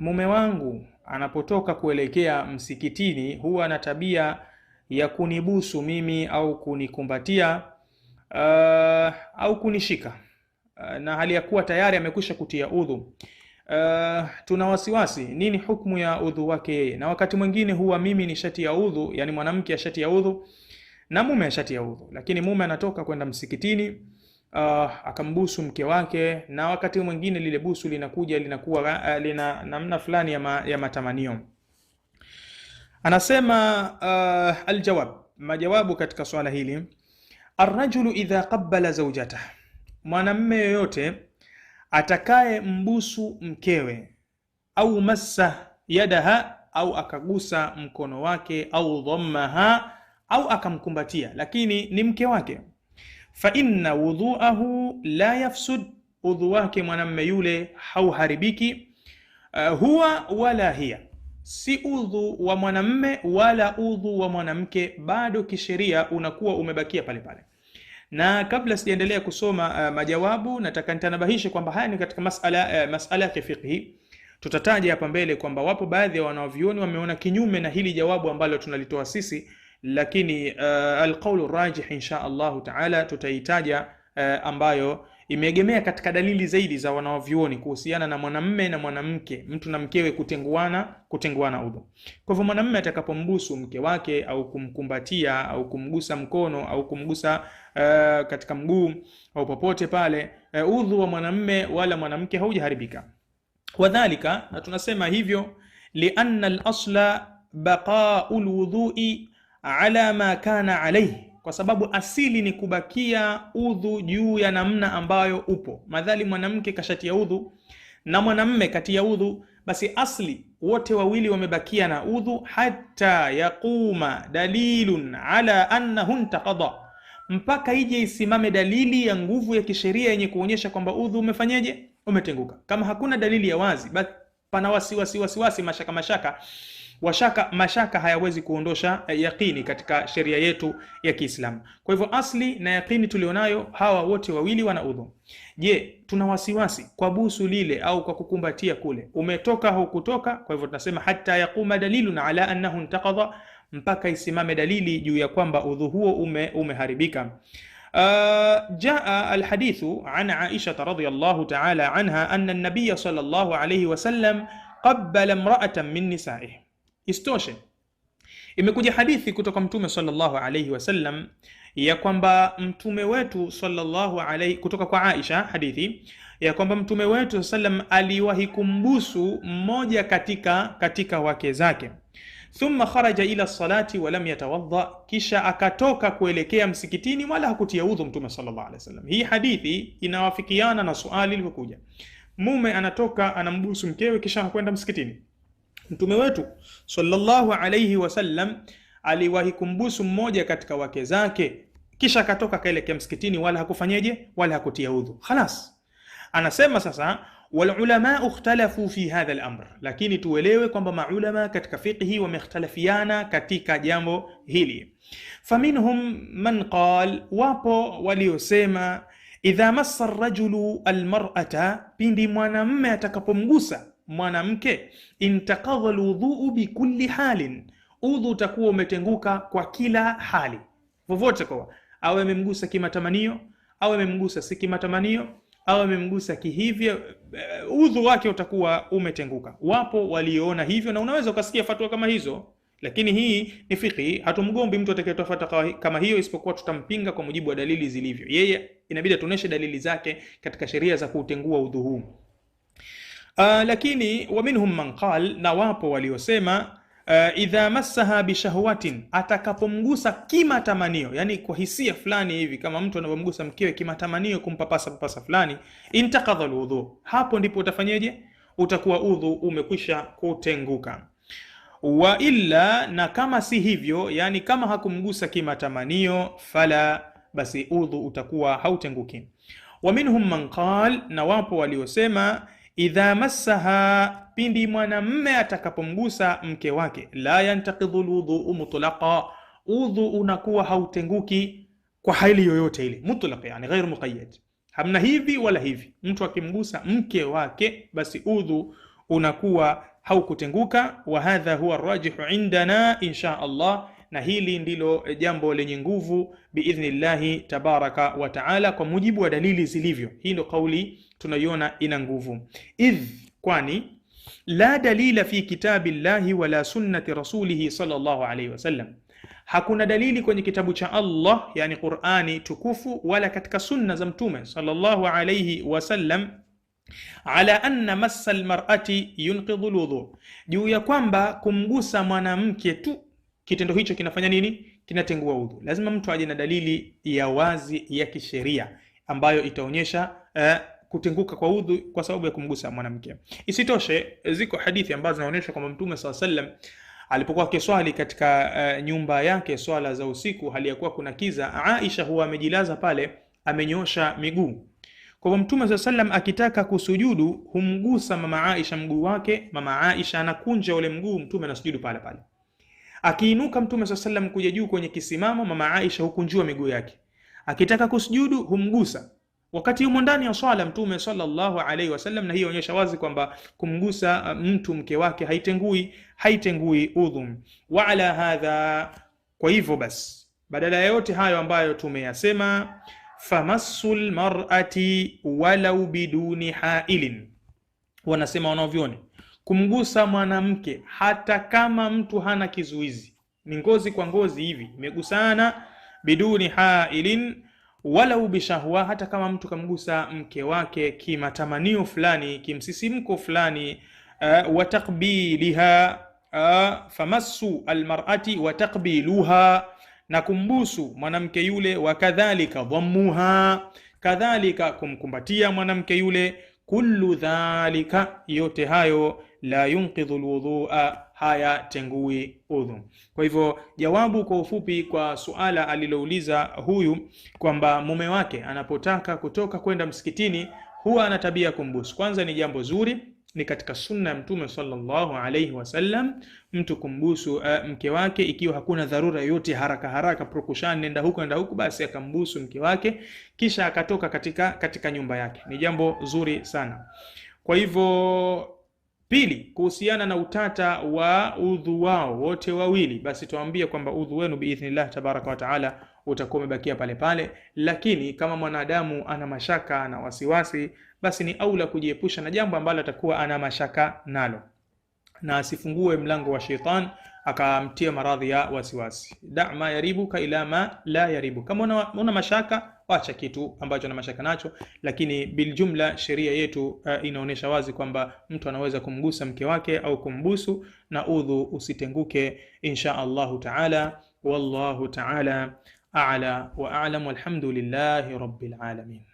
Mume wangu anapotoka kuelekea msikitini huwa na tabia ya kunibusu mimi au kunikumbatia uh, au kunishika uh, na hali ya kuwa tayari amekwisha kutia udhu. Uh, tuna wasiwasi nini hukumu ya udhu wake yeye, na wakati mwingine huwa mimi ni shati ya udhu, yani mwanamke ashati ya udhu na mume ashati ya udhu, lakini mume anatoka kwenda msikitini uh, akambusu mke wake, na wakati mwingine lile busu linakuja linakuwa uh, lina namna fulani ya, ma, ya matamanio. Anasema uh, aljawab, majawabu katika swala hili, arrajulu idha qabbala zawjatah, mwanamme yoyote atakaye mbusu mkewe au massa yadaha au akagusa mkono wake au dhammaha au akamkumbatia, lakini ni mke wake fa inna wudhuahu la yafsud, udhu wake mwanamme yule hauharibiki. Uh, huwa wala hiya, si udhu wa mwanamme wala udhu wa mwanamke, bado kisheria unakuwa umebakia pale pale. Na kabla sijaendelea kusoma uh, majawabu, nataka nitanabahishe kwamba haya ni katika masala uh, masala ya fiqhi. Tutataja hapa mbele kwamba wapo baadhi ya wanaovioni wameona kinyume na hili jawabu ambalo tunalitoa sisi lakini uh, eh, alqaulu rajih insha Allahu taala tutaitaja uh, ambayo imeegemea katika dalili zaidi za wanavyuoni kuhusiana na mwanamme na mwanamke, mtu na mkewe kutenguana, kutenguana udhu. Kwa hivyo mwanamme atakapombusu mke wake au kumkumbatia au kumgusa mkono au kumgusa uh, katika mguu au popote pale, uh, udhu wa mwanamme wala mwanamke haujaharibika. Wadhalika, na tunasema hivyo lianna al-asla baqa'ul ala ma kana alayhi, kwa sababu asili ni kubakia udhu juu ya namna ambayo upo. Madhali mwanamke kashatia udhu na mwanamme katia udhu, basi asli wote wawili wamebakia na udhu, hata yaquma dalilun ala annahu intaqada, mpaka ije isimame dalili ya nguvu ya kisheria yenye kuonyesha kwamba udhu umefanyeje, umetenguka. Kama hakuna dalili ya wazi, basi pana wasiwasi wasiwasi, mashaka mashaka washaka, mashaka hayawezi kuondosha eh, yaqini katika sheria yetu ya Kiislamu. Kwa hivyo asli na yaqini tulionayo hawa wote wawili wana udhu. Je, tuna wasiwasi kwa busu lile au kwa kukumbatia kule, umetoka au kutoka? Kwa hivyo tunasema hatta yaquma dalilun ala annahu intaqadha, mpaka isimame dalili juu ya kwamba udhu huo ume, umeharibika. Uh, jaa alhadithu an Aisha radhiyallahu ta'ala anha anna an-nabiy sallallahu alayhi wasallam qabbala imra'atan min nisa'ihi Isitoshe, imekuja hadithi kutoka Mtume sallallahu alayhi wasallam ya kwamba mtume wetu sallallahu alayhi, kutoka kwa Aisha hadithi ya kwamba mtume wetu sallam aliwahi kumbusu mmoja katika katika wake zake, thumma kharaja ila salati walam yatawadda, kisha akatoka kuelekea msikitini wala hakutia udhu mtume sallallahu alayhi wasallam. Hii hadithi inawafikiana na suali lilivyokuja, mume anatoka anambusu mkewe kisha hakwenda msikitini. Mtume wetu sallallahu alayhi wasallam aliwahi kumbusu mmoja katika wake zake, kisha akatoka akaelekea msikitini, wala hakufanyeje, wala hakutia udhu. Khalas, anasema sasa walulama ukhtalafu fi hadha al-amr, lakini tuelewe kwamba maulama katika fiqhi wamekhtalafiana katika jambo hili. Faminhum man qal, wapo waliosema idha massa rajulu almar'ata, pindi mwanamme atakapomgusa mwanamke, intakadha lwudhuu bikulli halin, udhu utakuwa umetenguka kwa kila hali, vovote kwa awe amemgusa kimatamanio, awe amemgusa si kimatamanio, awe amemgusa kihivyo, eh, udhu wake utakuwa umetenguka. Wapo walioona hivyo, na unaweza ukasikia fatwa kama hizo lakini hii ni fiqhi. Hatumgombi mtu atakayetoa fatwa kama hiyo, isipokuwa tutampinga kwa mujibu wa dalili zilivyo. Yeye inabidi atuoneshe dalili zake katika sheria za kuutengua udhu huu. Uh, lakini wa minhum man qal, na wapo waliosema uh, idha massaha bishahwatin, atakapomgusa kimatamanio, yani kwa hisia fulani hivi, kama mtu anavyomgusa mkewe kimatamanio, kumpapasa papasa fulani, intakadha alwudhu, hapo ndipo utafanyeje? Utakuwa udhu umekwisha kutenguka. Wa illa, na kama si hivyo, yani kama hakumgusa kimatamanio, fala basi udhu utakuwa hautenguki. Wa minhum man qal, na wapo waliosema idha massaha, pindi mwanamme atakapomgusa mke wake, la yantaqidhu lwudhuu mutlaqa, udhu unakuwa hautenguki kwa hali yoyote ile, mutlaq yani ghairu muqayyad, hamna hivi wala hivi. Mtu akimgusa mke wake, basi udhu unakuwa haukutenguka. Wa hadha huwa rajihu indana insha Allah na hili ndilo e, jambo lenye nguvu biidhnillahi tabaraka wa taala, kwa mujibu wa dalili zilivyo. Hii ndo kauli tunaiona ina nguvu idh, kwani la dalila fi kitabi llahi wala sunnati rasulihi sallallahu alayhi wasallam, hakuna dalili kwenye kitabu cha Allah yani Qur'ani tukufu wala katika sunna za mtume sallallahu alayhi wasallam ala anna massa almar'ati yunqidhu alwudhu, juu ya kwamba kumgusa mwanamke tu kitendo hicho kinafanya nini? Kinatengua udhu. Lazima mtu aje na dalili ya wazi ya kisheria ambayo itaonyesha eh, kutenguka kwa udhu kwa sababu ya kumgusa mwanamke. Isitoshe, ziko hadithi ambazo zinaonyesha kwamba Mtume SAW sallam alipokuwa akiswali katika uh, nyumba yake swala za usiku, hali ya kuwa kuna kiza, Aisha huwa amejilaza pale, amenyosha miguu. Kwa hivyo Mtume swalla sallam akitaka kusujudu humgusa mama Aisha mguu wake, mama Aisha anakunja ule mguu, Mtume anasujudu pale pale. Akiinuka Mtume swalla salam kuja juu kwenye kisimamo, mama Aisha hukunjua miguu yake, akitaka kusujudu humgusa wakati yumo ndani ya swala Mtume sallallahu alaihi wasallam. Na hiyo onyesha wazi kwamba kumgusa uh, mtu mke wake haitengui haitengui udhum. Wa ala hadha, kwa hivyo basi, badala ya yote hayo ambayo tumeyasema, famassu lmarati walau biduni hailin, wanasema wanaovyoni kumgusa mwanamke hata kama mtu hana kizuizi, ni ngozi kwa ngozi hivi imegusana, biduni hailin walau bishahwa, hata kama mtu kamgusa mke wake kimatamanio fulani, kimsisimko fulani. Uh, eh, watakbiliha uh, eh, famassu almar'ati watakbiluha, na kumbusu mwanamke yule. Wakadhalika dhammuha, kadhalika kumkumbatia mwanamke yule kullu dhalika, yote hayo la yunqidhu lwudhua, hayatengui udhu. Kwa hivyo jawabu kwa ufupi kwa suala alilouliza huyu kwamba mume wake anapotaka kutoka kwenda msikitini huwa ana tabia kumbusu, kwanza ni jambo zuri ni katika sunna ya Mtume sallallahu alaihi wasallam mtu kumbusu uh, mke wake ikiwa hakuna dharura yoyote, haraka haraka, prokushani, nenda huku nenda huku, basi akambusu mke wake kisha akatoka katika, katika nyumba yake. Ni jambo zuri sana. Kwa hivyo Pili, kuhusiana na utata wa udhu wao wote wawili, basi tuambie kwamba udhu wenu biidhnillah tabaraka wa taala utakuwa umebakia pale pale. Lakini kama mwanadamu ana mashaka na wasiwasi, basi ni aula kujiepusha na jambo ambalo atakuwa ana mashaka nalo, na asifungue mlango wa shetani akamtia maradhi ya wasiwasi. Dama yaribuka ila ma la yaribu, kama una, una mashaka wacha kitu ambacho na mashaka nacho. Lakini biljumla sheria yetu uh, eh, inaonyesha wazi kwamba mtu anaweza kumgusa mke wake au kumbusu, na udhu usitenguke, insha Allahu taala. Wallahu taala أعلى وأعلم والحمد لله رب العالمين